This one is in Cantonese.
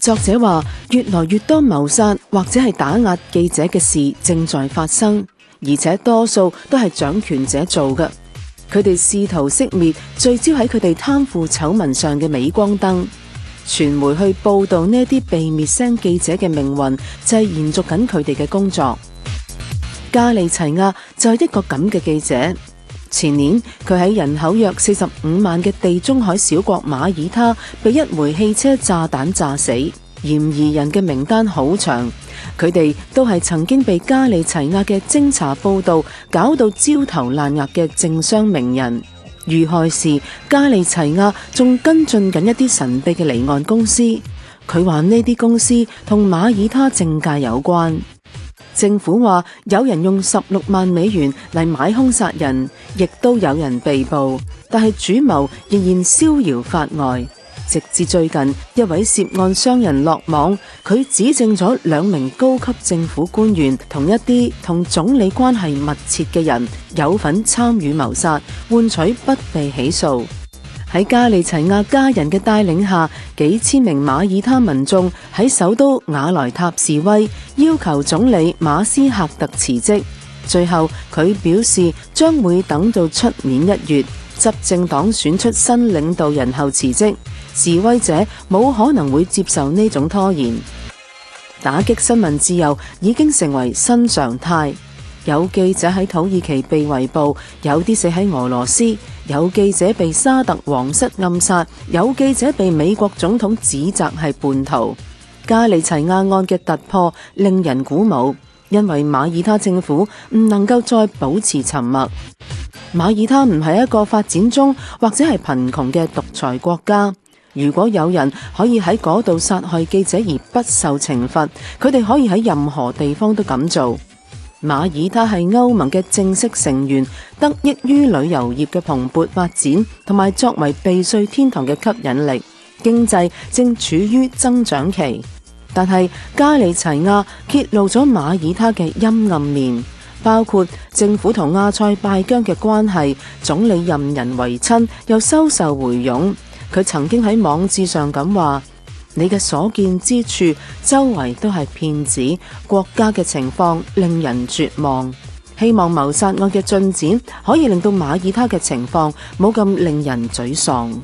作者話，越來越多謀殺或者係打壓記者嘅事正在發生，而且多數都係掌權者做嘅。佢哋試圖熄滅聚焦喺佢哋貪腐醜聞上嘅鎂光燈，傳媒去報道呢啲被滅聲記者嘅命運，就係延續緊佢哋嘅工作。加利齊亞就係一個咁嘅記者。前年，佢喺人口約四十五萬嘅地中海小國馬爾他，被一枚汽車炸彈炸死。嫌疑人嘅名單好長，佢哋都係曾經被加利齊亞嘅偵查報道搞到焦頭爛額嘅政商名人。遇害時，加利齊亞仲跟進緊一啲神秘嘅離岸公司，佢話呢啲公司同馬爾他政界有關。政府話有人用十六萬美元嚟買兇殺人，亦都有人被捕，但係主謀仍然逍遙法外。直至最近，一位涉案商人落網，佢指證咗兩名高級政府官員同一啲同總理關係密切嘅人有份參與謀殺，換取不被起訴。喺加利齊亞家人嘅帶領下，幾千名馬爾他民眾喺首都瓦萊塔示威，要求總理馬斯克特辭職。最後佢表示，將會等到出年一月執政黨選出新領導人後辭職。示威者冇可能會接受呢種拖延，打擊新聞自由已經成為新常態。有記者喺土耳其被圍捕，有啲死喺俄羅斯，有記者被沙特皇室暗殺，有記者被美國總統指責係叛徒。加利齊亞案嘅突破令人鼓舞，因為馬爾他政府唔能夠再保持沉默。馬爾他唔係一個發展中或者係貧窮嘅獨裁國家。如果有人可以喺嗰度殺害記者而不受懲罰，佢哋可以喺任何地方都咁做。馬爾他係歐盟嘅正式成員，得益於旅遊業嘅蓬勃發展，同埋作為避稅天堂嘅吸引力，經濟正處於增長期。但係加里齊亞揭露咗馬爾他嘅陰暗面，包括政府同阿塞拜疆嘅關係，總理任人為親又收受回佣。佢曾經喺網誌上咁話。你嘅所見之處，周圍都係騙子。國家嘅情況令人絕望。希望謀殺案嘅進展可以令到馬爾他嘅情況冇咁令人沮喪。